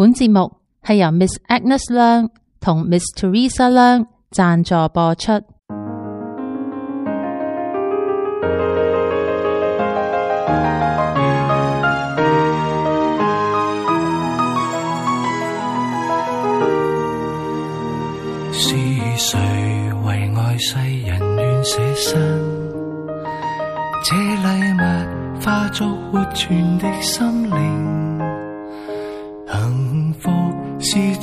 本節目係由 Miss Agnes 梁同 Miss Teresa 梁讚助播出。是誰為愛世人願捨身？這禮物化作活存的心。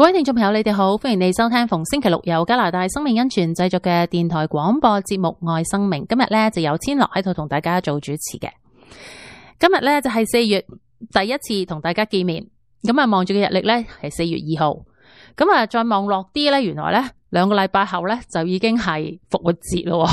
各位聽眾朋友，你哋好，歡迎你收聽逢星期六由加拿大生命恩泉製作嘅電台廣播節目《愛生命》。今日咧就有千樂喺度同大家做主持嘅。今日咧就係四月第一次同大家見面，咁啊望住嘅日曆咧係四月二號，咁啊再望落啲咧，原來咧兩個禮拜後咧就已經係復活節咯。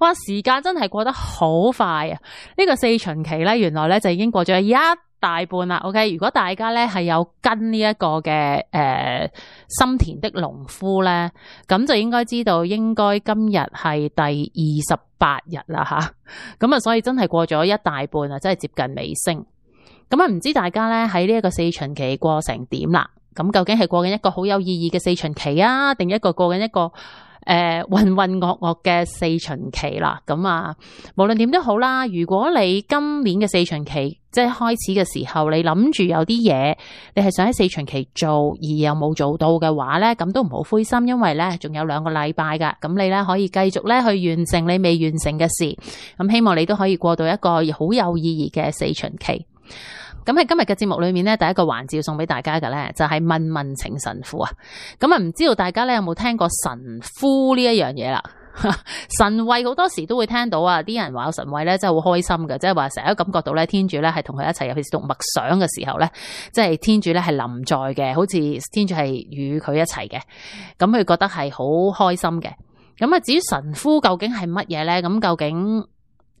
哇時間真係過得好快啊！呢個四旬期咧，原來咧就已經過咗一大半啦。OK，如果大家咧係有跟呢一個嘅誒，心田的農夫咧，咁就應該知道應該今日係第二十八日啦吓。咁啊，所以真係過咗一大半啊，真係接近尾聲。咁啊，唔知大家咧喺呢一個四旬期過成點啦？咁究竟係過緊一個好有意義嘅四旬期啊，定一個過緊一個？誒、呃，渾渾噩噩嘅四旬期啦，咁啊，無論點都好啦。如果你今年嘅四旬期即係開始嘅時候，你諗住有啲嘢，你係想喺四旬期做而又冇做到嘅話呢，咁都唔好灰心，因為呢仲有兩個禮拜噶，咁你呢可以繼續呢去完成你未完成嘅事。咁希望你都可以過到一個好有意義嘅四旬期。咁喺今日嘅節目裏面咧，第一個環節送俾大家嘅咧，就係問問請神父啊。咁啊，唔知道大家咧有冇聽過神枯呢一樣嘢啦？ 神慰好多時都會聽到啊，啲人話有神慰咧，真係好開心嘅，即係話成日感覺到咧，天主咧係同佢一齊，尤其是讀默想嘅時候咧，即係天主咧係臨在嘅，好似天主係與佢一齊嘅，咁佢覺得係好開心嘅。咁啊，至於神枯究竟係乜嘢咧？咁究竟？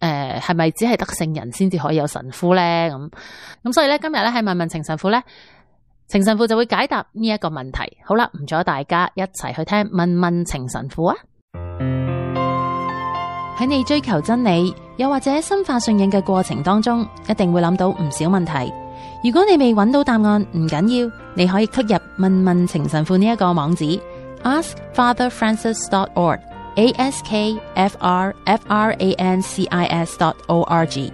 誒、呃，係咪只係得聖人先至可以有神父呢？咁，咁，所以咧今日咧係問問情神父呢。情神父就會解答呢一個問題。好啦，唔阻大家一齊去聽問問情神父啊！喺你追求真理，又或者深化信仰嘅過程當中，一定會諗到唔少問題。如果你未揾到答案，唔緊要，你可以輸入問問情神父呢一個網址：askfatherfrancis.org。Askfatherfrancis .org. askfrfrancis.org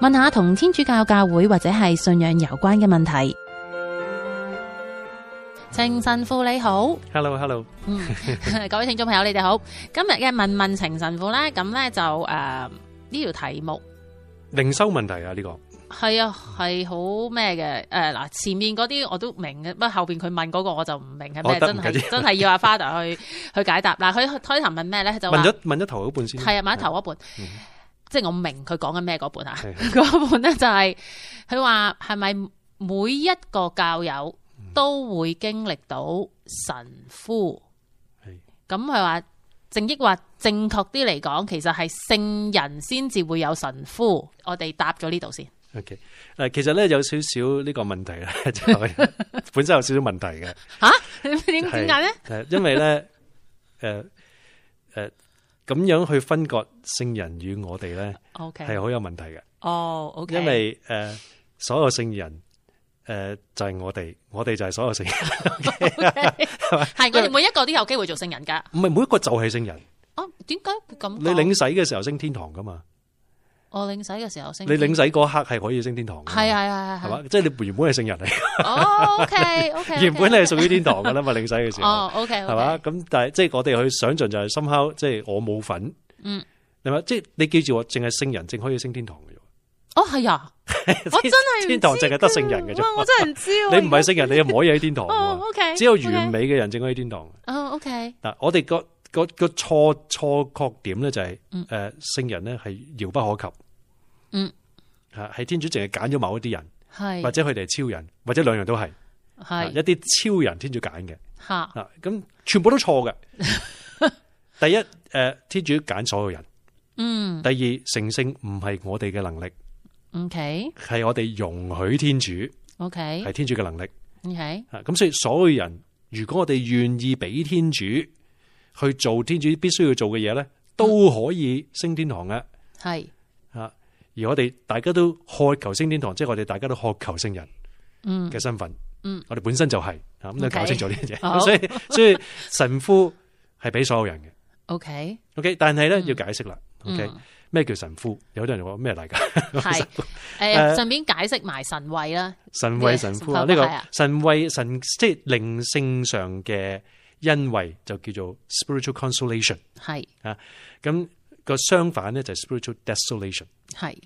問下同天主教教會或者係信仰有關嘅問題。情神父你好，Hello Hello，嗯，各位聽眾朋友你哋好，今日嘅問問情神父咧，咁咧就誒呢條題目靈修問題啊呢個。係啊，係好咩嘅誒嗱，前面嗰啲我都明嘅，乜後邊佢問嗰個我就唔明係咩，oh, okay, 真係真係要阿 Father 去 去解答嗱。佢、啊、開頭問咩咧就問咗問咗頭嗰半先係啊，問咗頭嗰半，嗯、即係我明佢講緊咩嗰半啊嗰 半咧就係佢話係咪每一個教友都會經歷到神父咁佢話正益話正確啲嚟講，其實係聖人先至會有神父，我哋答咗呢度先。O K，嗱，其實咧有少少呢個問題咧，就本身有少少問題嘅。吓？點點解咧？係因為咧，誒誒，咁樣去分割聖人與我哋咧，O K，係好有問題嘅。哦，O K。因為誒，所有聖人，誒，就係我哋，我哋就係所有聖人。係，我哋每一個都有機會做聖人噶。唔係每一個就係聖人。哦，點解會咁？你領洗嘅時候升天堂噶嘛？我領洗嘅時候我升，你領洗嗰刻係可以升天堂嘅。係係係係，係嘛？即係你原本係聖人嚟。哦、oh,，OK OK, okay。Okay. 原本你係屬於天堂噶啦嘛， 領洗嘅時候。哦、oh,，OK OK, okay.。係嘛？咁但係即係我哋去想象就係深刻，即係我冇份。嗯。係嘛？即係你記住我，淨係聖人，淨可以升天堂嘅。哦，係啊。我真係天堂淨係得聖人嘅啫。我真係唔知。你唔係聖人，你又唔可以喺天堂。哦，OK。只有完美嘅人，人，淨可以天堂。哦、oh,，OK。嗱，我哋個個錯錯確點，咧就係誒，聖人咧係遙不可及。嗯，係天主淨係揀咗某一啲人，係或者佢哋係超人，或者兩樣都係，係一啲超人天主揀嘅吓。咁全部都錯嘅。第一，誒，天主揀所有人。嗯。第二，成聖唔係我哋嘅能力。O、嗯、K。係、okay, 我哋容許天主。O K。係天主嘅能力。O K。咁所以所有人，如果我哋願意俾天主。去做天主必須要做嘅嘢咧，都可以升天堂嘅。係、嗯、啊，而我哋大家都渴求升天堂，嗯、即係我哋大家都渴求聖人嘅身份。嗯，我哋本身就係、是、咁，要、嗯、搞清楚啲嘢、嗯。所以，所以神父係俾所有人嘅。O K，O K，但係咧、嗯、要解釋啦。O K，咩叫神父、嗯、神父？有啲人話咩大家係誒，順便解釋埋神位啦。神位神父呢、啊這個神位神即係靈性上嘅。因為就叫做 spiritual consolation，係啊，咁、個相反咧就係 spiritual desolation，係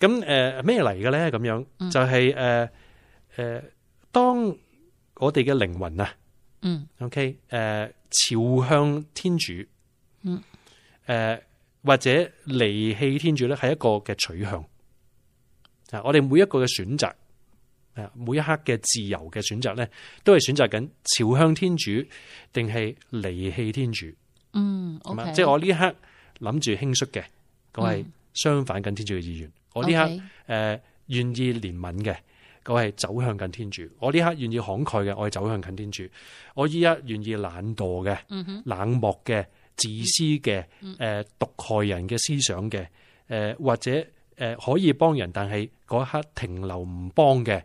咁誒咩嚟嘅咧？咁、呃、樣、嗯、就係誒誒，當我哋嘅靈魂啊，嗯，OK，誒、呃，朝向天主，嗯，誒、呃、或者離棄天主咧，係一個嘅取向啊，我哋每一個嘅選擇。每一刻嘅自由嘅選擇咧，都係選擇緊朝向天主，定係離棄天主？嗯，即、okay、係、就是、我呢刻諗住輕率嘅，我係相反緊天主嘅意願、嗯 okay。我呢刻誒願、呃、意憐憫嘅，我係走向緊天主。我呢刻願意慷慨嘅，我係走向緊天主。我呢刻願意懶惰嘅、嗯、冷漠嘅、自私嘅、誒、呃、毒害人嘅思想嘅，誒、呃、或者。誒，可以幫人，但係嗰一刻停留唔幫嘅，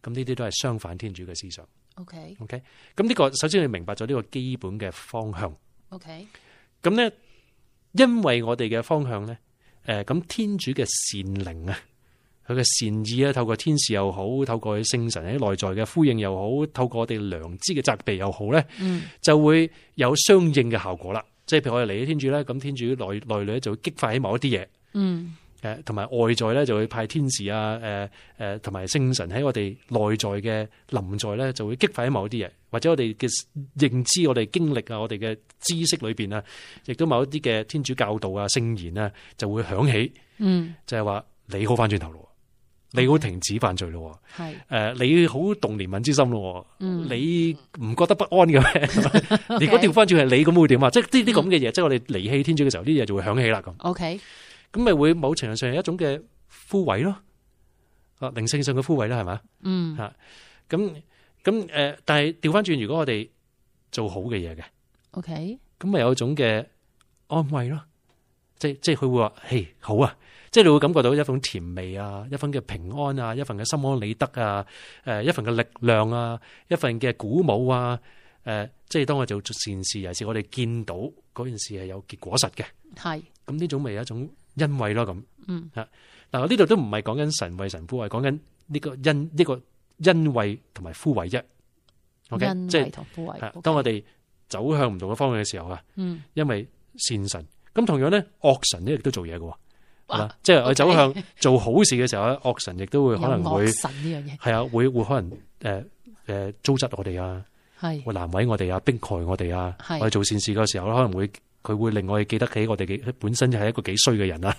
咁呢啲都係相反天主嘅思想。OK，OK，咁呢個首先你明白咗呢個基本嘅方向。OK，咁咧，因為我哋嘅方向咧，誒、呃，咁天主嘅善靈啊，佢嘅善意啊，透過天使又好，透過聖神喺內在嘅呼應又好，透過我哋良知嘅責備又好咧，嗯，就會有相應嘅效果啦。即係譬如我哋嚟咗天主咧，咁天主內內裏咧就會激發起某一啲嘢，嗯。誒，同埋外在咧就會派天使啊，誒、呃、誒，同埋聖神喺我哋內在嘅臨在咧，就會激發喺某啲嘢，或者我哋嘅認知、我哋經歷啊，我哋嘅知識裏邊啊，亦都某一啲嘅天主教導啊、聖言啊，就會響起，嗯，就係、是、話你好翻轉頭咯，okay, 你好停止犯罪咯，係、okay, 誒、呃、你好動憐憫之心咯、嗯，你唔覺得不安嘅咩？你 如果調翻轉係你咁會點啊、okay, 嗯？即係呢啲咁嘅嘢，即係我哋離棄天主嘅時候，呢啲嘢就會響起啦。咁，O K。咁咪會某程度上係一種嘅枯萎咯，啊，靈性上嘅枯萎啦，係咪？嗯，吓、啊，咁咁誒，但係調翻轉，如果我哋做好嘅嘢嘅，OK，咁咪有一種嘅安慰咯，即即係佢會話，嘿好啊，即係你會感覺到一份甜味啊，一份嘅平安啊，一份嘅心安理得啊，誒，一份嘅力量啊，一份嘅鼓舞啊，誒、呃，即係當我做善事，尤其是我哋見到嗰件事係有結果實嘅，係，咁呢種咪有一種。因為咯咁，吓嗱，呢度都唔係講緊神為神枯，係講緊呢個因呢、呢個因為同埋枯萎一。O、okay? K，即係、okay. 當我哋走向唔同嘅方向嘅時候啊，okay. 因為善神咁同樣咧惡神咧亦都做嘢㗎，即係我哋走向做好事嘅時候咧，惡、okay. 神亦都會可能會神呢樣嘢係啊，會會可能誒誒糟質我哋啊，係會難為我哋啊，迫害我哋啊，我哋做善事嘅時候咧可能會。佢會令我哋記得起我哋幾本身就係一個幾衰嘅人啦，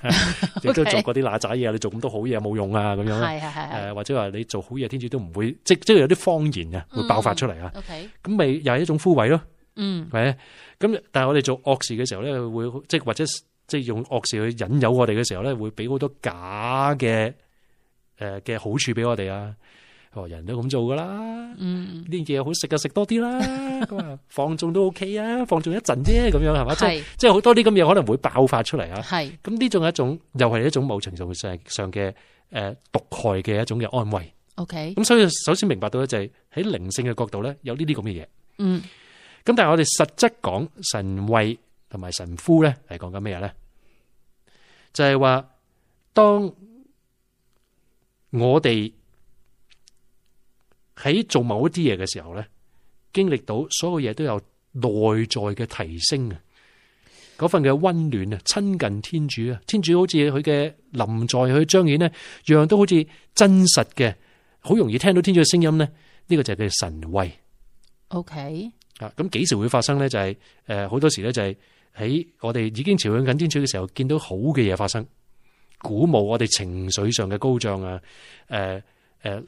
亦 都、okay、做過啲那喳嘢。你做咁多好嘢有冇用啊？咁樣，誒 或者話你做好嘢，天主都唔會，即即係有啲方言啊，會爆發出嚟啊。咁、嗯、咪、okay、又係一種枯萎咯。嗯，係咁但係我哋做惡事嘅時候咧，會即係或者即係用惡事去引誘我哋嘅時候咧，會俾好多假嘅誒嘅好處俾我哋啊。哦，人都咁做噶啦，呢件嘢好食啊，食多啲啦。咁啊放縱都 OK 啊，放縱一陣啫，咁樣係嘛？即係即係好多啲咁嘢可能會爆發出嚟啊。係咁呢種係一種，又係一種某程度上上嘅誒毒害嘅一種嘅安慰。OK，咁所以首先明白到咧就係喺靈性嘅角度咧有呢啲咁嘅嘢。嗯，咁但係我哋實質講神慰同埋神枯咧係講緊咩嘢咧？就係話當我哋。喺做某一啲嘢嘅時候咧，經歷到所有嘢都有內在嘅提升啊！嗰份嘅溫暖啊，親近天主啊，天主好似佢嘅臨在，去彰顯呢樣樣都好似真實嘅，好容易聽到天主嘅聲音呢呢、呢個就係叫神威。OK 啊，咁幾時會發生呢？就係、是、誒，好、呃、多時咧就係喺我哋已經朝向緊天主嘅時候，見到好嘅嘢發生，鼓舞我哋情緒上嘅高漲啊！誒、呃、誒。呃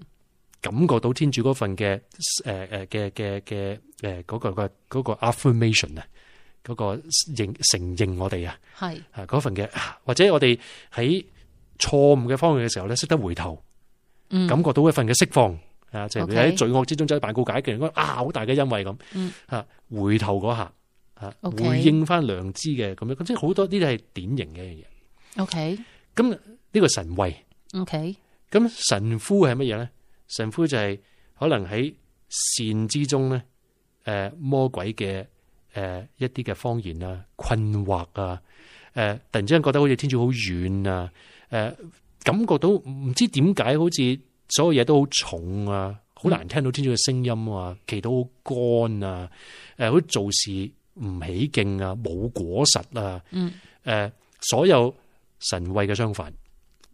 感覺到天主嗰份嘅、欸嗯、誒誒嘅嘅嘅誒嗰個個 affirmation 啊，嗰個認承認我哋啊係份嘅，或者我哋喺錯誤嘅方向嘅時候咧，識得回頭，感覺到一份嘅釋放啊，就、嗯、喺罪惡之中走去辦告解嘅人、嗯、啊好大嘅恩惠，咁吓回頭嗰下吓回應翻良知嘅咁樣，咁、嗯 okay，即係好多呢啲係典型嘅嘢。OK，咁呢個神慰 OK，咁神枯係乜嘢咧？神父就係可能喺善之中咧，誒魔鬼嘅誒一啲嘅謊言啊、困惑啊，誒突然之間覺得好似天主好遠啊，誒感覺到唔知點解好似所有嘢都好重啊，好難聽到天主嘅聲音啊，祈禱好乾啊，誒好似做事唔起勁啊，冇果實啊，嗯，誒所有神位嘅相反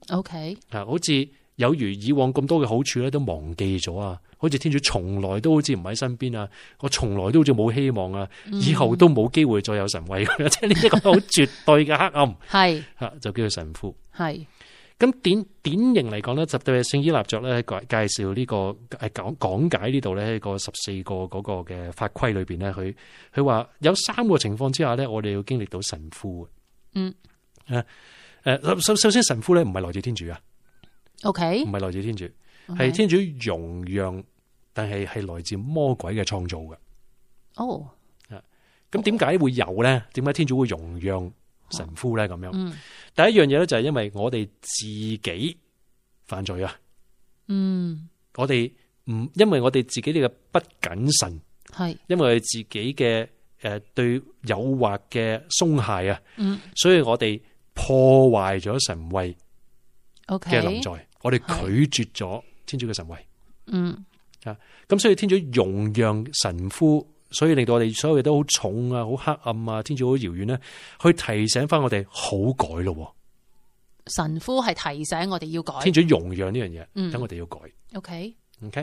，OK，啊好似。有如以往咁多嘅好處咧，都忘記咗啊！好似天主從來都好似唔喺身邊啊，我從來都好似冇希望啊，以後都冇機會再有神慰。即係呢一個好絕對嘅黑暗，係 吓就叫做神枯。係咁典典型嚟講呢就對聖依納爵咧介紹呢，這個誒講講解呢度咧個十四個嗰個嘅法規裏邊呢，佢佢話有三個情況之下呢，我哋要經歷到神枯嘅。嗯，誒首首先神枯咧唔係來自天主啊。O K，唔係來自天主，係天主容讓，但係係來自魔鬼嘅創造嘅。哦，咁點解會有咧？點解天主會容讓神父咧？咁、oh. 樣、嗯，第一樣嘢咧就係因為我哋自己犯罪啊。嗯，我哋唔因為我哋自己呢個不謹慎，係因為我哋自己嘅誒對誘惑嘅鬆懈啊，嗯，所以我哋破壞咗神威。O K 嘅臨在。Okay? 我哋拒絕咗天主嘅神位，嗯，咁所以天主容讓神父，所以令到我哋所有嘢都好重啊，好黑暗啊，天主好遙遠咧，去提醒返我哋好改咯。神父係提醒我哋要改，天主容讓呢樣嘢，等我哋要改。OK，OK、嗯、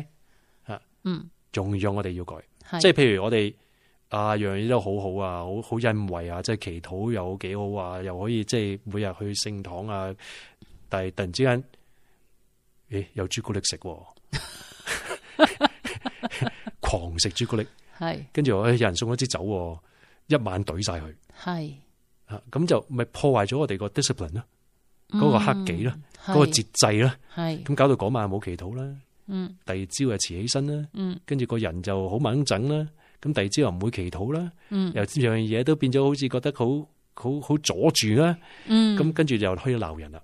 啊，okay, okay？嗯，容讓我哋要改，嗯、即係譬如我哋啊，樣樣嘢都好好啊，好好欣慰啊，即係祈禱又幾好啊，又可以即係每日去聖堂啊，但係突然之間。誒，有朱古力食， 狂食朱古力，係，跟住有人送一支酒，一晚懟晒佢。係，吓咁就咪破壞咗我哋個 discipline 啦、嗯，嗰、那個克己啦，嗰、那個節制啦，係，咁搞到嗰晚冇祈禱啦，嗯，第二朝又遲起身啦，嗯，跟住個人就好穩整啦，咁第二朝又唔會祈禱啦，嗯，又樣樣嘢都變咗好似覺得好好好阻住啦，嗯，咁跟住又開始鬧人啦、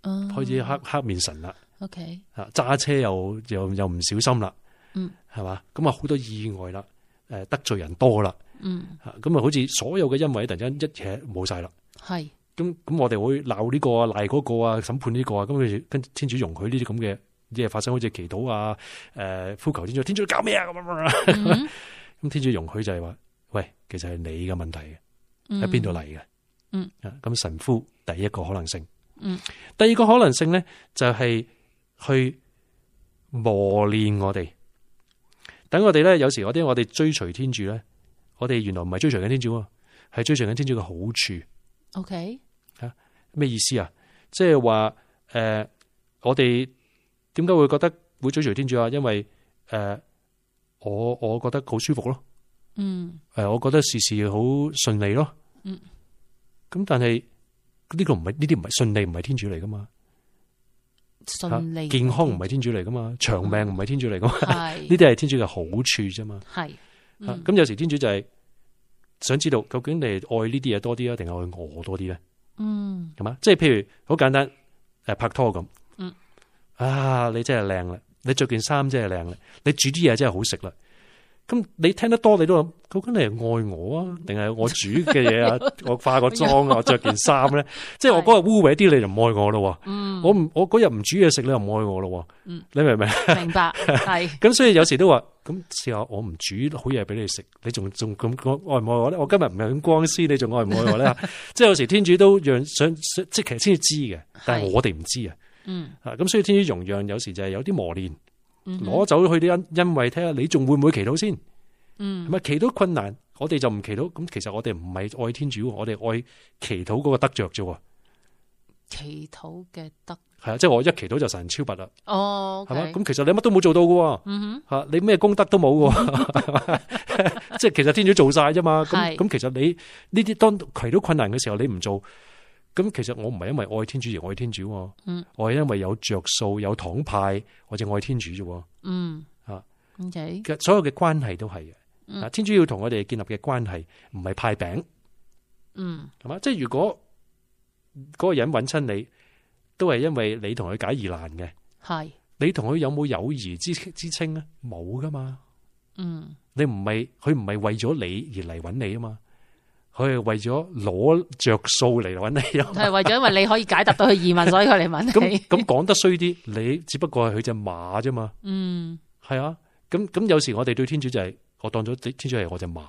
嗯，開始黑、哦、黑面神啦。O K，吓揸車又又又唔小心啦，嗯，係嘛？咁啊，好多意外啦，誒得罪人多啦，嗯，咁啊好似所有嘅恩惠突然間一切冇晒啦，係，咁咁我哋會鬧呢個啊，賴嗰個啊，審判呢個啊，咁跟住跟天主容許呢啲咁嘅嘢發生，好似祈禱啊，誒、呃，呼求天主，天主搞咩啊咁樣咁，嗯、 天主容許就係話，喂，其實係你嘅問題嘅，喺邊度嚟嘅？嗯，咁、嗯、神父第一個可能性，嗯，第二個可能性咧就係、是。去磨練我哋，等我哋咧，有時啲我哋追隨天主咧，我哋原來唔係追隨緊天主，係追隨緊天主嘅好處。OK，吓咩意思啊？即係話，誒、呃，我哋點解會覺得會追隨天主啊？因為誒、呃，我我覺得好舒服咯。嗯，誒，我覺得事事好順利咯。嗯，咁但係呢個唔係呢啲唔係順利，唔係天主嚟噶嘛。順利健康唔係天主嚟噶嘛，長命唔係天主嚟噶嘛，呢啲係天主嘅好處啫嘛。係、嗯、咁、嗯啊、有時天主就係想知道究竟你愛呢啲嘢多啲啊，定係愛我多啲咧？嗯，係嘛？即係譬如好簡單誒、呃，拍拖咁。嗯啊，你真係靚啦！你着件衫真係靚啦！你煮啲嘢真係好食啦！咁你聽得多，你都諗，究竟你係愛我啊，定係我煮嘅嘢啊？ 我化個妝啊， 我着件衫咧， 即係我嗰日污穢啲，你就唔愛我咯。喎、嗯。我唔，我嗰日唔煮嘢食，你又唔愛我咯。喎。你明唔明、嗯？明白係。咁 所以有時都話，咁試下我唔煮好嘢俾你食，你仲仲咁愛唔愛我咧？ 我今日唔係咁光鮮，你仲愛唔愛我咧？ 即係有時天主都讓想，即其實先至知嘅，但係我哋唔知啊。嗯。咁所以天主容讓有時就係有啲磨練。攞走去啲恩，因為睇下你仲會唔會祈禱先，嗯，咁咪祈禱困難，我哋就唔祈禱。咁其實我哋唔係愛天主，我哋愛祈禱嗰個得着啫。祈禱嘅得係啊，即係我一祈禱就神超拔啦。哦，係、okay、嘛，咁其實你乜都冇做到噶，嗯哼吓你咩功德都冇噶，即 係 其實天主做晒啫嘛。咁咁其實你呢啲當祈禱困難嘅時候，你唔做。咁其實我唔係因為愛天主而愛天主，嗯、我係因為有着數有糖派，我先愛天主啫。嗯，啊，其實所有嘅關係都係嘅。啊、嗯，天主要同我哋建立嘅關係唔係派餅，嗯，係嘛？即係如果嗰個人揾親你，都係因為你同佢解疑難嘅，係你同佢有冇友誼之之稱咧？冇噶嘛，嗯，你唔係佢唔係為咗你而嚟揾你啊嘛？佢係為咗攞着數嚟揾你咯，係為咗因為你可以解答到佢疑問， 所以佢嚟問你。咁咁講得衰啲， 你只不過係佢隻馬啫嘛。嗯，係啊。咁咁有時候我哋對天主就係、是、我當咗天主係我隻馬。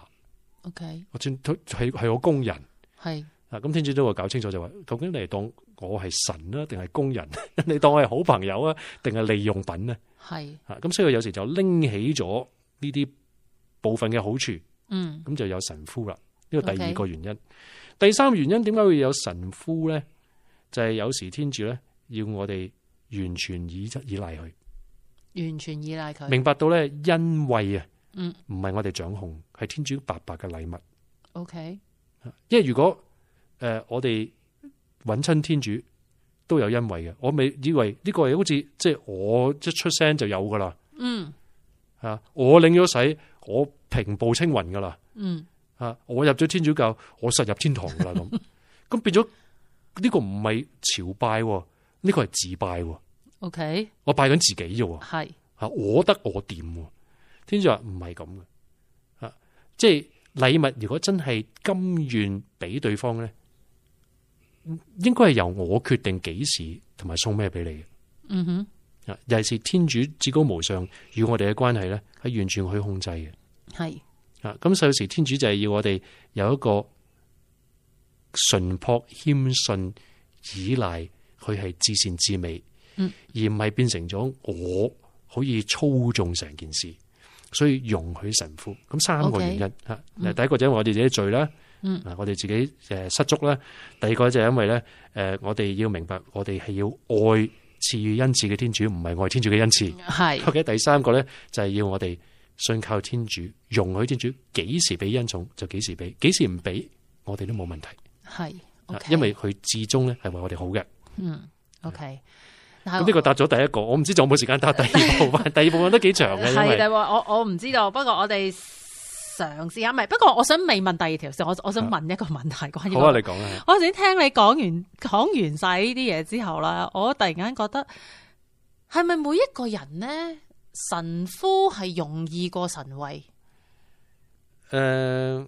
O、okay, K，我轉佢係係我的工人。係啊，咁、嗯、天主都會搞清楚就話，究竟你係當我係神啊，定係工人？ 你當我係好朋友啊，定係利用品呢、啊？係、嗯、咁所以有時候就拎起咗呢啲部分嘅好處。嗯，咁就有神父啦。呢個第二個原因，okay. 第三個原因點解會有神父咧？就係、是、有時天主咧，要我哋完全倚倚賴佢，完全依賴佢。明白到咧，恩惠啊，嗯，唔係我哋掌控，係天主白白嘅禮物。O、okay. K，因為如果誒我哋揾親天主都有恩惠嘅，我未以為呢個好似即係我一出聲就有噶啦。嗯，啊，我領咗洗，我平步青雲噶啦。嗯。啊！我入咗天主教，我實入天堂噶啦。咁，咁 變咗呢個唔係朝拜，呢個係自拜。OK，我拜緊自己啫。係啊，我得我掂。天主話唔係咁嘅，啊，即係禮物，如果真係甘願俾對方咧，應該係由我決定幾時同埋送咩俾你。嗯哼，尤其是天主至高無上與我哋嘅關係咧，係完全可以控制嘅。係。啊，咁有時天主就係要我哋有一個純樸、謙信、依賴佢係至善至美，嗯，而唔係變成咗我可以操縱成件事，所以容許神父咁三個原因吓。Okay, 第一個就因為我哋自己罪啦，嗯，我哋自己誒失足啦。第二個就係因為咧，誒，我哋要明白，我哋係要愛賜予恩賜嘅天主，唔係愛天主嘅恩賜。係。Okay, 第三個咧就係要我哋。信靠天主，容許天主幾時俾恩寵就幾時俾，幾時唔俾，我哋都冇問題。係，okay, 因為佢至終咧係為我哋好嘅。嗯，OK。咁呢、這個答咗第一個，我唔知仲有冇時間答第二部分。 第二部分都幾長嘅，係啦。我我唔知道，不過我哋嘗試下咪。不過我想未問第二條先，我我想問一個問題關、這個。關、啊、好啊，你講啊。我頭先聽你講完講完晒呢啲嘢之後啦，我突然間覺得係咪每一個人呢？神夫係容易過神位。誒、呃，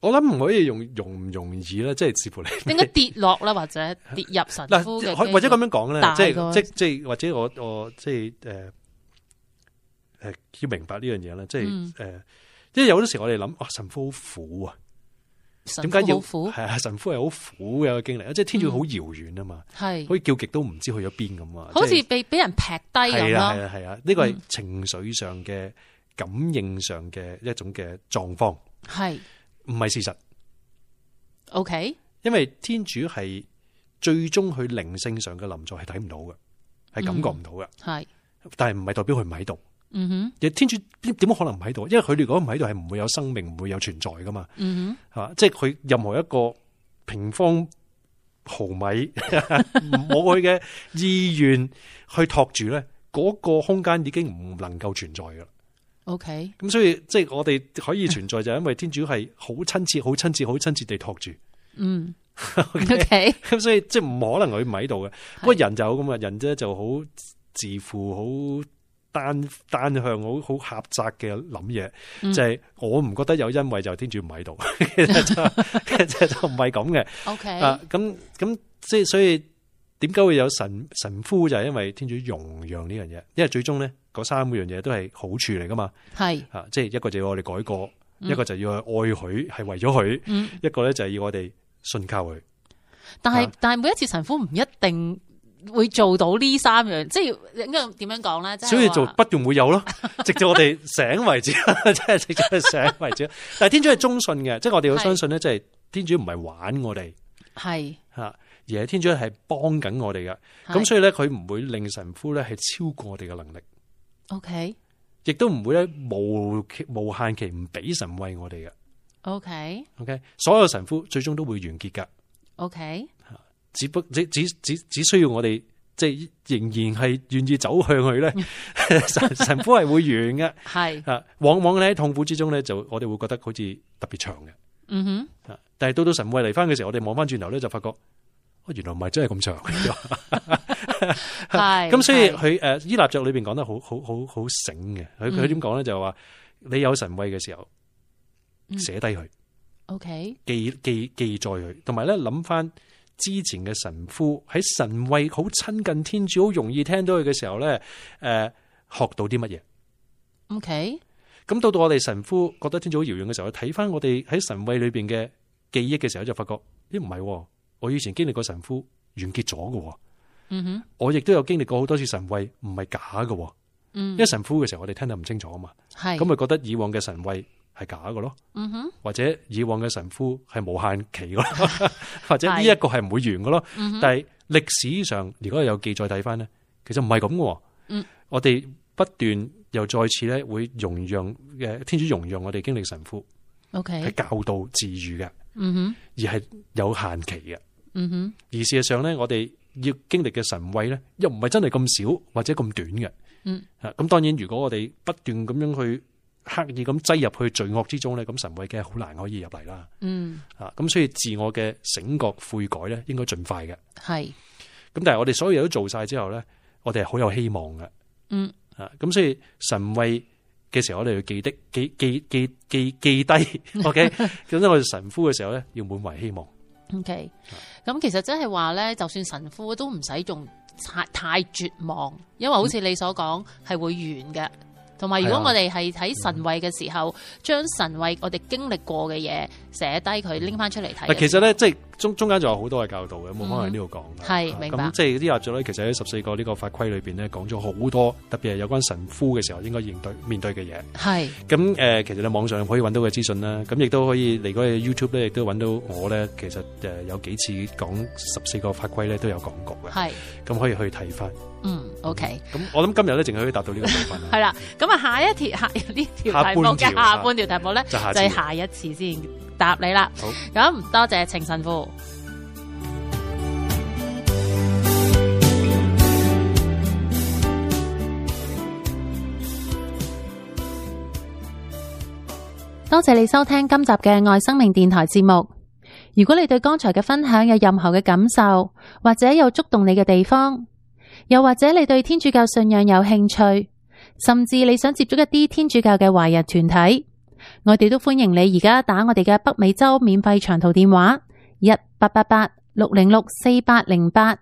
我諗唔可以用容唔容易咧，即係似乎你應該跌落啦， 或者跌入神或者咁樣講咧，即係即即或者我我即係誒誒要明白呢樣嘢咧，即係誒、嗯呃，因為有好多時我哋諗，哇、呃，神夫好苦啊。點解要係神父係好苦嘅經歷啊？即係天主好遙遠啊嘛，可以叫極都唔知去咗邊咁啊，好似被俾人劈低咁咯。係啊係啊係啊，呢個係情緒上嘅感應上嘅一種嘅狀況，係唔係事實？OK，因為天主係最終佢靈性上嘅臨在係睇唔到嘅，係感覺唔到嘅，係但係唔係代表佢唔喺度。嗯哼，嘅天主點點可能唔喺度？因為佢哋如果唔喺度，係唔會有生命，唔會有存在噶嘛。嗯哼，吓，即係佢任何一個平方毫米冇佢嘅意願去托住咧，嗰個空間已經唔能夠存在噶啦。O K，咁所以即係我哋可以存在就係因為天主係好親切、好親切、好親切地托住。嗯，O K，咁所以即係唔可能佢唔喺度嘅。不過人就咁啊，人啫就好自負、好。單單向好好狹窄嘅諗嘢，就係我唔覺得有恩惠就天主唔喺度，其實就唔係咁嘅。OK，啊咁咁即係所以點解會有神神枯就係因為天主容讓呢樣嘢，因為最終咧嗰三個樣嘢都係好處嚟噶嘛。係啊，即係一個就要我哋改過，一個就要愛佢係為咗佢，一個咧就係要我哋信靠佢。但係但係每一次神枯唔一定。會做到呢三樣，即係應該點樣講咧？所以就不斷會有咯，直至我哋醒為止，即 係直至醒為止。但係天主係忠信嘅，即係我哋要相信咧，即係天主唔係玩我哋，係吓而係天主係幫緊我哋嘅。咁所以咧，佢唔會令神夫咧係超過我哋嘅能力。OK，亦都唔會咧無無限期唔俾神慰我哋嘅。OK，OK，、okay okay? 所有神夫最終都會完結噶。OK。只不只只只只需要我哋，即係仍然係願意走向佢咧， 神神枯係會完嘅。係 啊，往往咧喺痛苦之中咧，就我哋會覺得好似特別長嘅。嗯哼，但係到到神慰嚟翻嘅時候，我哋望翻轉頭咧就發覺，啊、原來唔係真係咁長。係 咁、 嗯，所以佢誒、啊，伊納爵裏邊講得好好好好醒嘅。佢佢點講咧？就話、是、你有神慰嘅時候，寫低佢，OK，記記記載佢，同埋咧諗翻。之前嘅神父喺神位好親近天主，好容易聽到佢嘅時候咧，誒、呃，學到啲乜嘢？OK，咁到到我哋神父覺得天主好遙遠嘅時候，睇翻我哋喺神位裏邊嘅記憶嘅時候，就發覺咦唔係、啊，我以前經歷過神父完結咗嘅，嗯哼，我亦都有經歷過好多次神位唔係假嘅，嗯、mm -hmm.，因為神父嘅時候我哋聽得唔清楚啊嘛，係，咁咪覺得以往嘅神位。係假嘅咯、嗯，或者以往嘅神父係無限期嘅、嗯，或者呢一個係唔會完嘅咯、嗯。但係歷史上，如果有記載睇翻咧，其實唔係咁嘅。我哋不斷又再次咧會容讓嘅天主容讓我們經歷神父，容讓我哋經歷神父，係教導治癒嘅，而係有限期嘅、嗯。而事實上咧，我哋要經歷嘅神位咧，又唔係真係咁少或者咁短嘅。咁、嗯、當然，如果我哋不斷咁樣去。刻意咁擠入去罪惡之中咧，咁神位梗係好難可以入嚟啦。嗯，啊，咁所以自我嘅醒覺悔改咧，應該盡快嘅。係，咁但係我哋所有嘢都做晒之後咧，我哋係好有希望嘅。嗯，啊，咁所以神位嘅時候，我哋要記得記記記記記，記低。O K，總之我哋神父嘅時候咧，要滿懷希望。O K，咁其實真係話咧，就算神父都唔使用太太絕望，因為好似你所講係、嗯、會完嘅。同埋，如果我哋係喺神位嘅時候，將神位我哋經歷過嘅嘢寫低，佢拎翻出嚟睇。其實咧，即係中中間仲有好多嘅教導嘅，冇可能喺呢度講。係、嗯啊，明白。咁即係啲合作咧，其實喺十四個呢個法規裏邊咧，講咗好多，特別係有關神夫嘅時候應該應對面對嘅嘢。係。咁、呃、其實你網上可以揾到嘅資訊啦，咁亦都可以嚟嗰個 YouTube 咧，亦都揾到我咧。其實有幾次講十四個法規咧，都有講過嘅。係。咁可以去睇翻。嗯，OK，咁我諗今日咧，淨係可以達到呢個部分係啦。咁啊，下一條下呢條題目嘅下半條題目咧，就係下一次先答你啦。好。咁多謝程神父，多謝你收聽今集嘅愛生命電台節目。如果你對剛才嘅分享有任何嘅感受，或者有觸動你嘅地方，又或者你對天主教信仰有興趣，甚至你想接觸一啲天主教嘅華人團體，我哋都歡迎你而家打我哋嘅北美洲免費長途電話一八八八六零六四八零八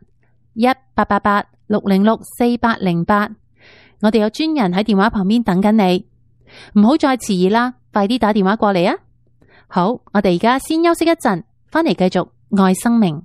一八八八六零六四八零八，我哋有專人喺電話旁邊等緊你，唔好再遲疑啦，快啲打電話過嚟啊！好，我哋而家先休息一陣，返嚟繼續愛生命。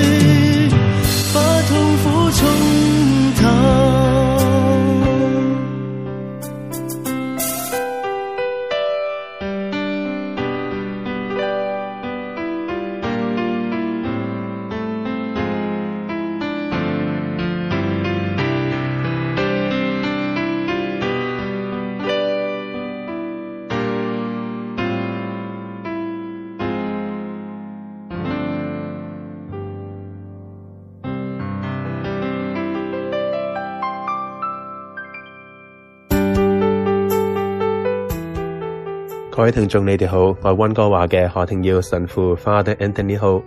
聽眾你哋好，我係溫哥華嘅何庭耀神父 Father Anthony Ho。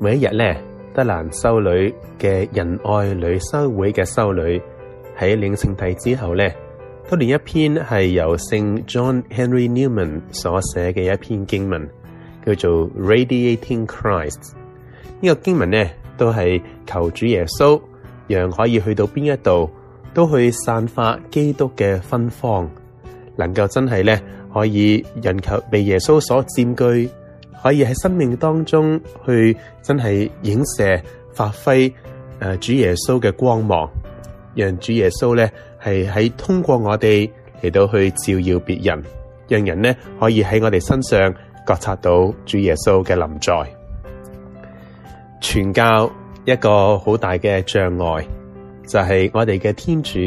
每一日咧，德蘭修女嘅仁愛女修會嘅修女喺領聖體之後咧，都連一篇係由聖 John Henry Newman 所寫嘅一篇經文，叫做 Radiating Christ。呢、這個經文咧，都係求主耶穌讓可以去到邊一度都去散發基督嘅芬芳，能夠真係咧。可以人求被耶穌所佔據，可以喺生命當中去真係影射，發揮誒主耶穌嘅光芒，讓主耶穌咧係喺通過我哋嚟到去照耀別人，讓人咧可以喺我哋身上覺察到主耶穌嘅臨在。傳教一個好大嘅障礙就係、是，我哋嘅天主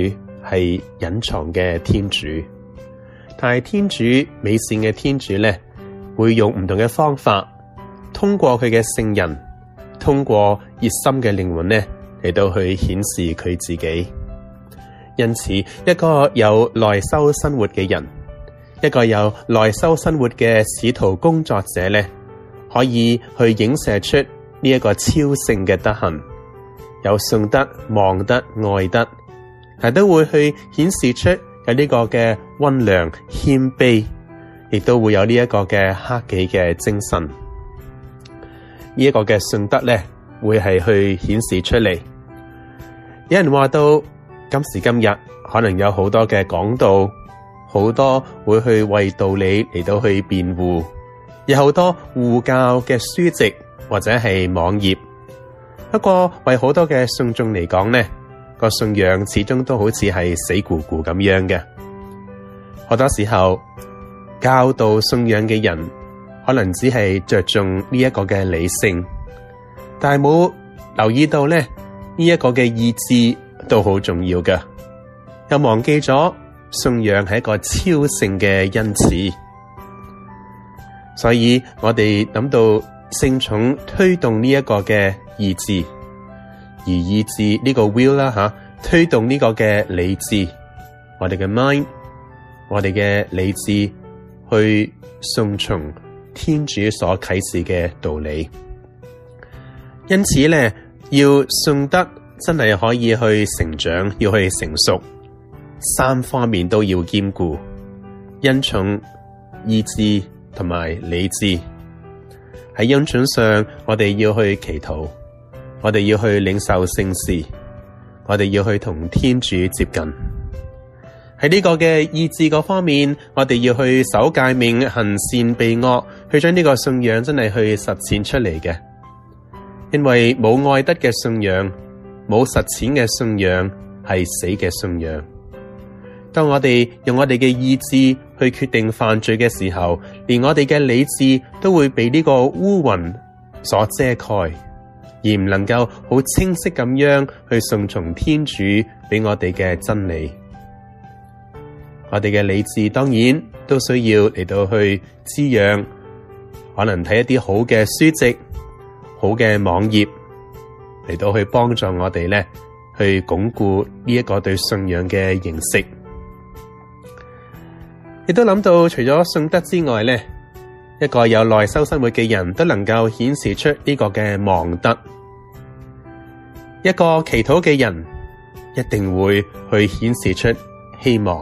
係隱藏嘅天主。但係天主美善嘅天主咧，會用唔同嘅方法，通過佢嘅聖人，通過熱心嘅靈魂咧嚟到去顯示佢自己。因此，一個有內修生活嘅人，一個有內修生活嘅使徒工作者咧，可以去映射出呢一個超性嘅德行，有信德、望德、愛德，係都會去顯示出。喺呢個嘅溫良謙卑，亦都會有呢一個嘅克己嘅精神。呢、這、一個嘅信德咧，會係去顯示出嚟。有人話到，今時今日可能有好多嘅講道，好多會去為道理嚟到去辯護，有好多護教嘅書籍或者係網頁。不過為好多嘅信眾嚟講咧。個信仰始終都好似係死咕咕咁樣嘅，好多時候教導信仰嘅人可能只係着重呢一個嘅理性，但係冇留意到咧呢一個嘅意志都好重要㗎。又忘記咗信仰係一個超性嘅因子，所以我哋諗到聖寵推動呢一個嘅意志。而意志呢個 will 啦吓，推動呢個嘅理智，我哋嘅 mind，我哋嘅理智去順從天主所啟示嘅道理。因此咧，要信得真係可以去成長，要去成熟，三方面都要兼顧，恩寵、意志同埋理智。喺恩寵上，我哋要去祈禱。我哋要去領受聖事，我哋要去同天主接近。喺呢個嘅意志嗰方面，我哋要去守誡命，行善避惡，去將呢個信仰真係去實踐出嚟嘅。因為冇愛德嘅信仰，冇實踐嘅信仰係死嘅信仰。當我哋用我哋嘅意志去決定犯罪嘅時候，連我哋嘅理智都會被呢個烏雲所遮蓋，而唔能夠好清晰咁樣去順從天主俾我哋嘅真理，我哋嘅理智當然都需要嚟到去滋養，可能睇一啲好嘅書籍、好嘅網頁嚟到去幫助我哋咧，去鞏固呢一個對信仰嘅認識。亦都諗到，除咗信德之外咧。一個有內修生活嘅人都能夠顯示出呢個嘅望德，一個祈禱嘅人一定會去顯示出希望。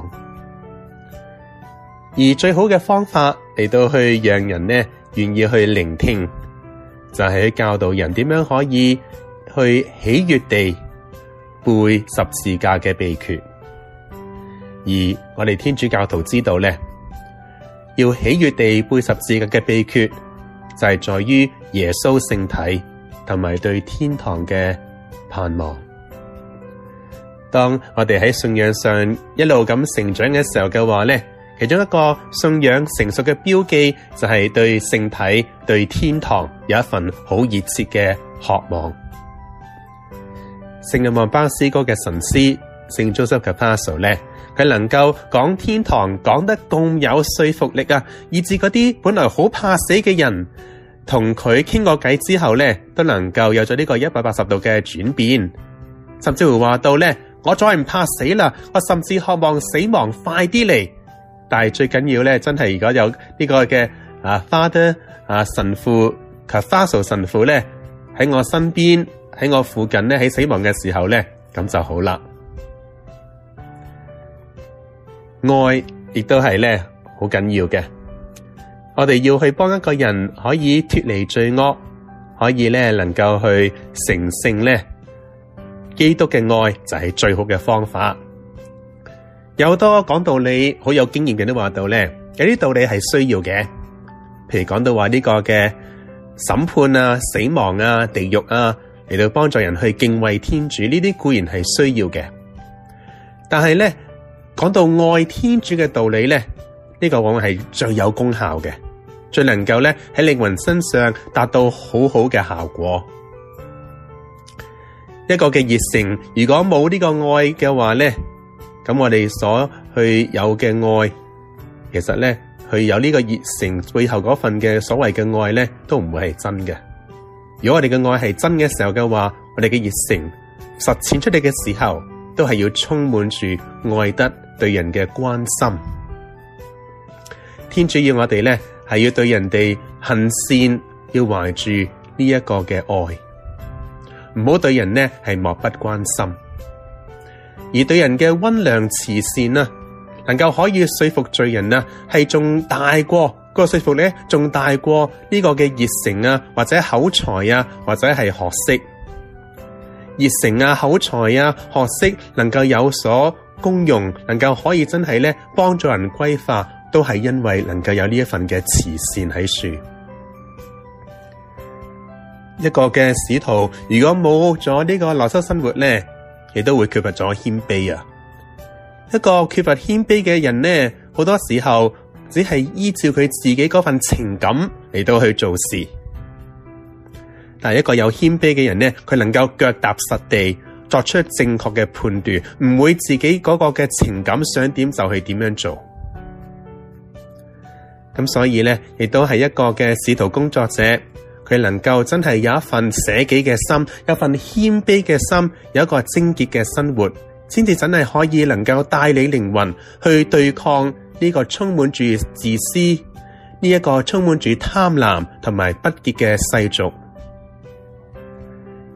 而最好嘅方法嚟到去讓人呢願意去聆聽，就係、是、去教導人點樣可以去喜悦地背十字架嘅秘訣。而我哋天主教徒知道咧。要喜悦地背十字架嘅秘訣，就係、是、在於耶穌聖體同埋對天堂嘅盼望。當我哋喺信仰上一路咁成長嘅時候嘅話咧，其中一個信仰成熟嘅標記就係對聖體、對天堂有一份好熱切嘅渴望。聖若望鮑斯高嘅神師聖 Joseph Capasso 咧。佢能夠講天堂講得咁有說服力啊，以至嗰啲本來好怕死嘅人，同佢傾過偈之後咧，都能夠有咗呢個一百八十度嘅轉變，甚至乎話到咧，我再唔怕死啦，我甚至渴望死亡快啲嚟。但係最緊要咧，真係如果有呢個嘅啊 Father 啊神父及 Father 神父咧，喺我身邊，喺我附近咧，喺死亡嘅時候咧咁就好啦。愛亦都係咧好緊要嘅，我哋要去幫一個人可以脫離罪惡，可以咧能夠去成聖咧，基督嘅愛就係最好嘅方法。有好多講道理好有經驗嘅都話到咧，有啲道理係需要嘅，譬如講到話呢個嘅審判啊、死亡啊、地獄啊嚟到幫助人去敬畏天主，呢啲固然係需要嘅，但係咧。講到愛天主嘅道理咧，呢個往往係最有功效嘅，最能夠咧喺靈魂身上達到好好嘅效果。一個嘅熱誠，如果冇呢個愛嘅話咧，咁我哋所去有嘅愛，其實咧去有呢個熱誠，最後嗰份嘅所謂嘅愛咧，都唔會係真嘅。如果我哋嘅愛係真嘅時候嘅話，我哋嘅熱誠實踐出嚟嘅時候，都係要充滿住愛德。對人嘅關心，天主要我哋咧係要對人哋恨善，要懷住呢一個嘅愛，唔好對人呢，係漠不關心，而對人嘅溫良慈善啊，能夠可以說服罪人啊，係仲大過、個說服咧，仲大過呢個嘅熱誠啊，或者口才啊，或者係學識，熱誠啊、口才啊、學識能夠有所。公用能夠可以真係咧幫助人歸化，都係因為能夠有呢一份嘅慈善喺樹。一個嘅使徒如果冇咗呢個內修生活咧，亦都會缺乏咗謙卑啊。一個缺乏謙卑嘅人咧，好多時候只係依照佢自己嗰份情感嚟到去做事。但係一個有謙卑嘅人咧，佢能夠腳踏實地。作出正確嘅判斷，唔會自己嗰個嘅情感想點就係點樣做。咁所以呢，亦都係一個嘅使徒工作者，佢能夠真係有一份捨己嘅心，有份謙卑嘅心，有一個精潔嘅生活，先至真係可以能夠帶你靈魂去對抗呢個充滿住自私，呢一個充滿住貪婪同埋不潔嘅世俗。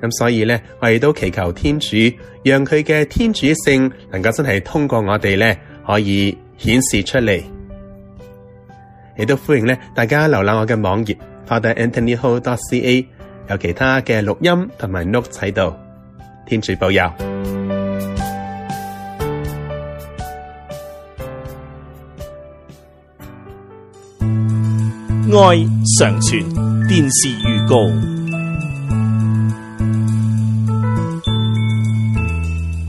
咁所以咧，我亦都祈求天主，讓佢嘅天主性能夠真係通過我哋咧，可以顯示出嚟。亦都歡迎咧，大家瀏覽我嘅網頁 fatherantonyho.ca，有其他嘅錄音同埋 note 喺度。天主保佑，愛常傳電視預告。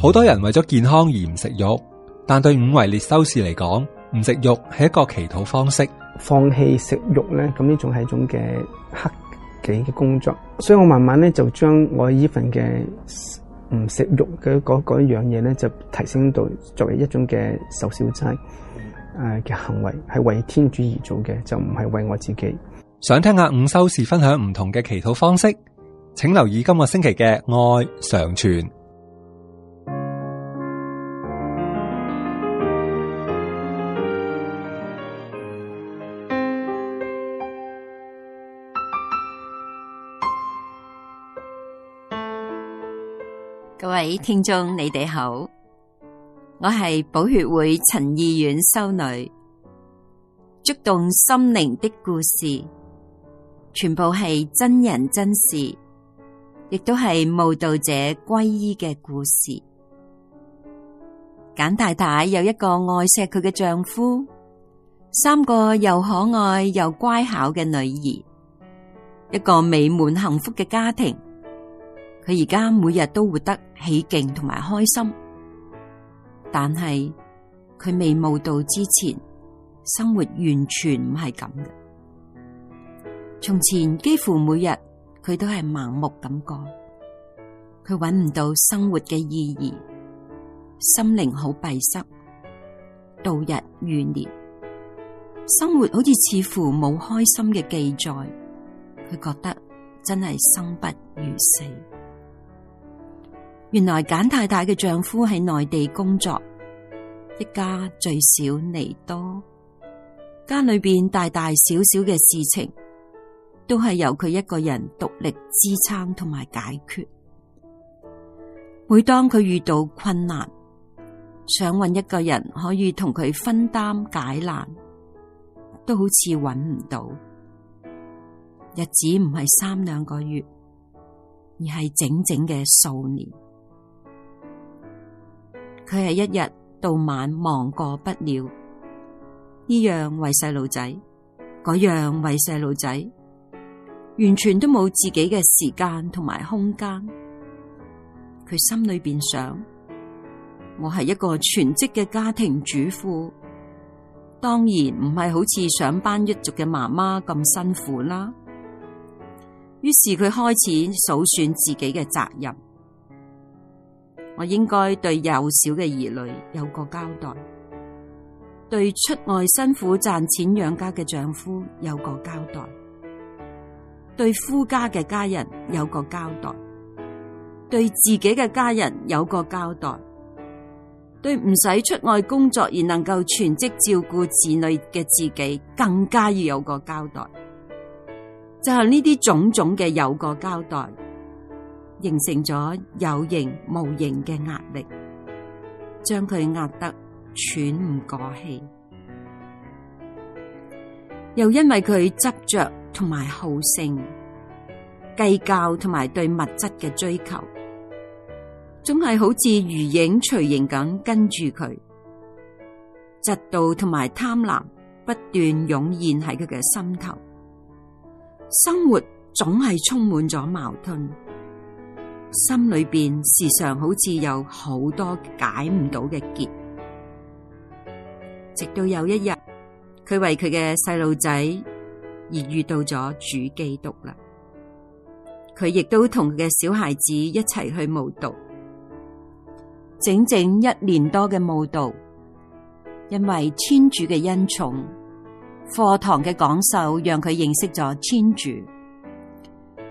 好 多人為咗健康而唔食肉，但對五維列修士嚟講，唔食肉係一個祈禱方式。放棄食肉呢，咁呢種係一種嘅克己嘅工作。所以我慢慢咧就將我這份不吃呢份嘅唔食肉嘅嗰嗰樣嘢咧，就提升到作為一種嘅受小齋誒嘅行為，係為天主而做嘅，就唔係為我自己。想聽一下五修士分享唔同嘅祈禱方式，請留意今個星期嘅愛常存。各位聽眾，你哋好，我係寶血會陳意遠修女。觸動心靈的故事，全部係真人真事，亦都係慕道者皈依嘅故事。簡太太有一個愛錫佢嘅丈夫，三個又可愛又乖巧嘅女兒，一個美滿幸福嘅家庭。佢而家每日都活得起勁同埋開心，但係佢未悟道之前，生活完全唔係咁嘅。從前幾乎每日佢都係盲目咁過，佢搵唔到生活嘅意義，心靈好閉塞，度日如年，生活好似似乎冇開心嘅記載。佢覺得真係生不如死。原來簡太太嘅丈夫喺內地工作，一家聚少離多，家裏邊大大小小嘅事情都係由佢一個人獨力支撐同埋解決。每當佢遇到困難，想揾一個人可以同佢分擔解難，都好似揾唔到。日子唔係三兩個月，而係整整嘅數年。佢係一日到晚忙過不了，呢樣為細路仔，嗰樣為細路仔，完全都冇自己嘅時間同埋空間。佢心裏邊想，我係一個全職嘅家庭主婦，當然唔係好似上班一族嘅媽媽咁辛苦啦。於是佢開始數算自己嘅責任。我應該對幼小嘅兒女有個交代，對出外辛苦賺錢養家嘅丈夫有個交代，對夫家嘅家人有個交代，對自己嘅家人有個交代，對唔使出外工作而能夠全職照顧子女嘅自己更加要有個交代，就係呢啲種種嘅有個交代。形成咗有形無形嘅壓力，將佢壓得喘唔過氣。又因為佢執着同埋好勝、計較同埋對物質嘅追求，總係好似如影隨形咁跟住佢，嫉妒同埋貪婪不斷湧現喺佢嘅心頭。生活總係充滿咗矛盾。心裏邊時常好似有好多解唔到嘅結，直到有一日，佢為佢嘅細路仔而遇到咗主基督啦。佢亦都同佢嘅小孩子一齊去慕道，整整一年多嘅慕道，因為天主嘅恩寵，課堂嘅講授讓佢認識咗天主。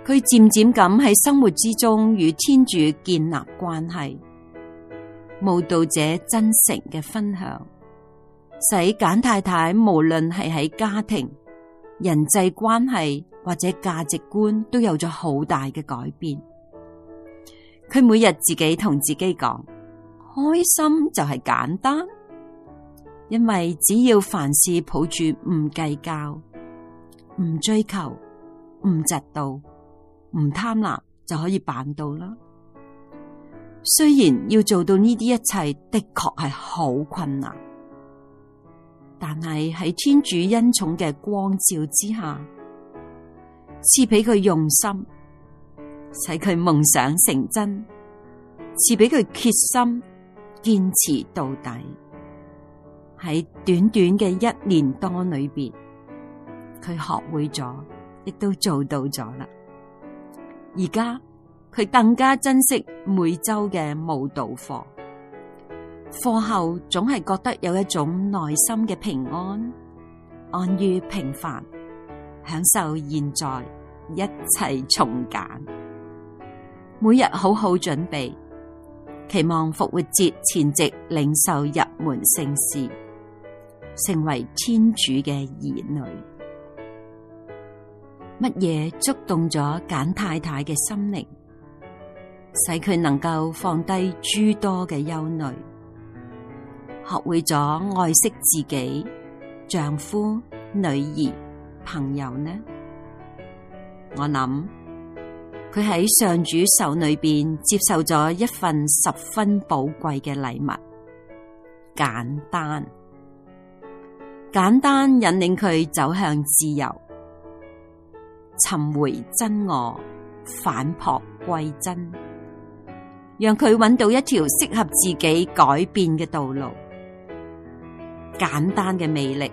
佢漸漸咁喺生活之中與天主建立關係，慕道者真誠嘅分享，使簡太太無論係喺家庭、人際關係或者價值觀都有咗好大嘅改變。佢每日自己同自己講：「開心就係簡單，因為只要凡事抱住唔計較、唔追求、唔嫉妒。」唔貪婪就可以辦到啦。雖然要做到呢啲一切的確係好困難，但係喺天主恩寵嘅光照之下，賜俾佢用心，使佢夢想成真；賜俾佢決心，堅持到底。喺短短嘅一年多裏邊，佢學會咗，亦都做到咗啦。而家佢更加珍惜每周嘅舞蹈課，課後總係覺得有一種內心嘅平安，安於平凡，享受現在，一切從簡。每日好好準備，期望復活節前夕領受入門聖事，成為天主嘅兒女。乜嘢觸動咗簡太太嘅心靈，使佢能夠放低諸多嘅憂慮，學會咗愛惜自己、丈夫、女兒、朋友呢？我諗佢喺上主手裏邊接受咗一份十分寶貴嘅禮物，簡單，簡單引領佢走向自由。尋回真我，反璞歸真，讓佢揾到一條適合自己改變嘅道路。簡單嘅魅力，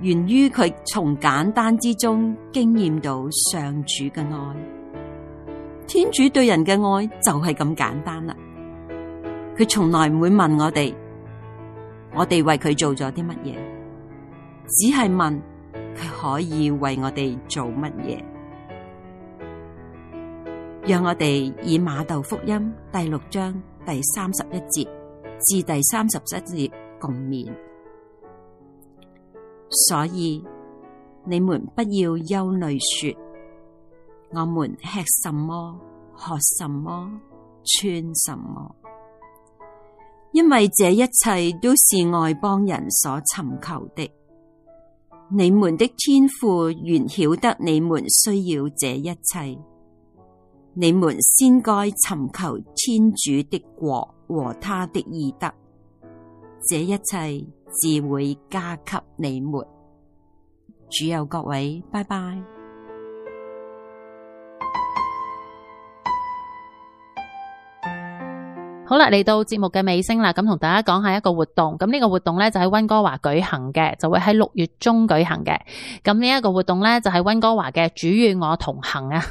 源於佢從簡單之中經驗到上主嘅愛。天主對人嘅愛就係咁簡單啦。佢從來唔會問我哋，我哋為佢做咗啲乜嘢，只係問。佢可以為我哋做乜嘢？讓我哋以馬竇福音第六章第三十一節至第三十七節共勉。所以你們不要憂慮，說：我們吃什麼，喝什麼，穿什麼？因為這一切都是外邦人所尋求的。你們的天父原曉得你們需要這一切，你們先該尋求天主的國和他的義德，這一切自會加給你們。主佑各位，拜拜。好啦，嚟到節目嘅尾聲啦，咁同大家講下一個活動。咁呢個活動咧就喺溫哥華舉行嘅，就會喺六月中舉行嘅。咁呢一個活動咧就係溫哥華嘅主與我同行啊。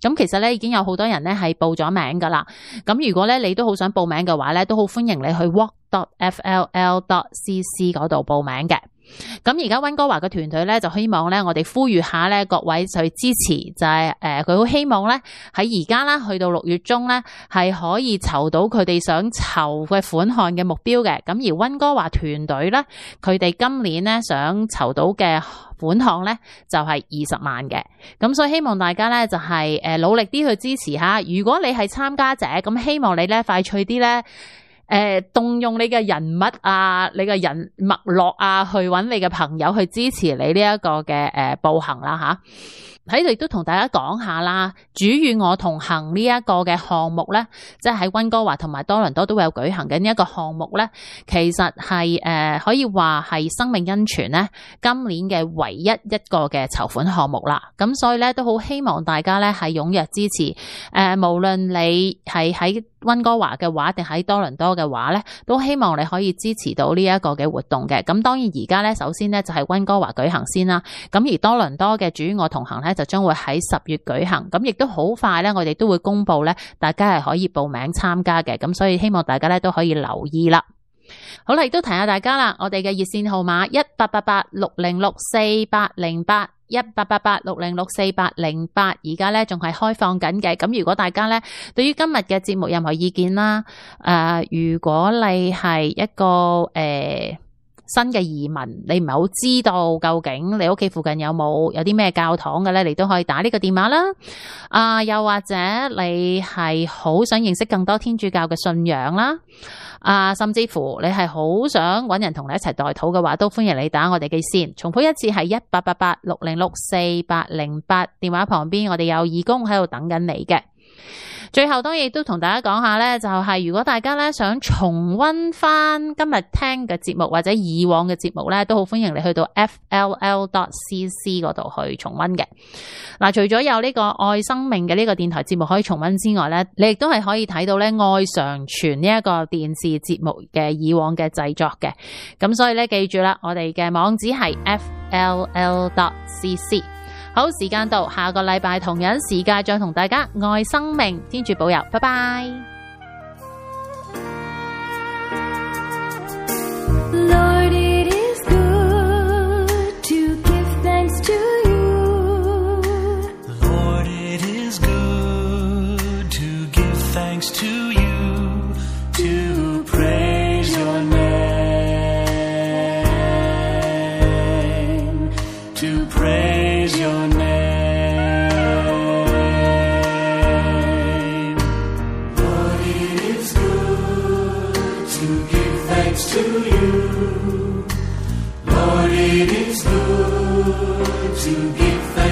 咁 其實咧已經有好多人咧係報咗名噶啦。咁如果咧你都好想報名嘅話咧，都好歡迎你去 walk.fll.cc 嗰度報名嘅。咁而家溫哥華嘅團隊咧就希望咧，我哋呼籲下咧各位去支持，就係誒，佢好希望咧喺而家啦，去到六月中咧係可以籌到佢哋想籌嘅款項嘅目標嘅。咁而溫哥華團隊咧，佢哋今年咧想籌到嘅款項咧就係二十萬嘅。咁所以希望大家咧就係誒努力啲去支持下。如果你係參加者，咁希望你咧快脆啲咧。誒，動用你嘅人脈啊，你嘅人脈絡啊，去揾你嘅朋友去支持你呢一個嘅誒步行啦吓，喺度亦都同大家講下啦。主與我同行這呢一個嘅項目咧，即係喺溫哥華同埋多倫多都會有舉行緊呢一個項目咧，其實係誒可以話係生命恩泉咧今年嘅唯一一個嘅籌款項目啦。咁所以咧都好希望大家咧係踴躍支持，誒，無論你係喺。溫哥華嘅話，定喺多倫多嘅話呢，都希望你可以支持到呢一個嘅活動嘅。咁當然而家呢，首先呢就係溫哥華舉行先啦。咁而多倫多嘅主我同行呢，就將會喺十月舉行。咁亦都好快呢，我哋都會公布呢，大家係可以報名參加嘅。咁所以希望大家呢都可以留意啦。好啦，亦都提下大家啦，我哋嘅熱線號碼一八八八六零六四八零八。一八八八六零六四八零八，而家咧仲係開放緊嘅。咁如果大家咧對於今日嘅節目任何意見啦，誒、呃，如果你係一個誒。呃新嘅移民，你唔係好知道究竟你屋企附近有冇有啲咩教堂嘅咧？你都可以打呢個電話啦。啊、呃，又或者你係好想認識更多天主教嘅信仰啦。啊、呃，甚至乎你係好想揾人同你一齊代禱嘅話，都歡迎你打我哋嘅線。重複一次係一八八八六零六四八零八。電話旁邊我哋有義工喺度等緊你嘅。最後當然都同大家講下咧，就係如果大家咧想重溫翻，今日聽嘅節目或者以往嘅節目咧，都好歡迎你去到 fll.cc 嗰度去重溫嘅。嗱，除咗有呢個愛生命嘅呢個電台節目可以重溫之外咧，你亦都係可以睇到咧愛常傳呢一個電視節目嘅以往嘅製作嘅。咁所以咧，記住啦，我哋嘅網址係 fll.cc。好，時間到，下個禮拜同樣時間再同大家愛生命，天主保佑，拜拜。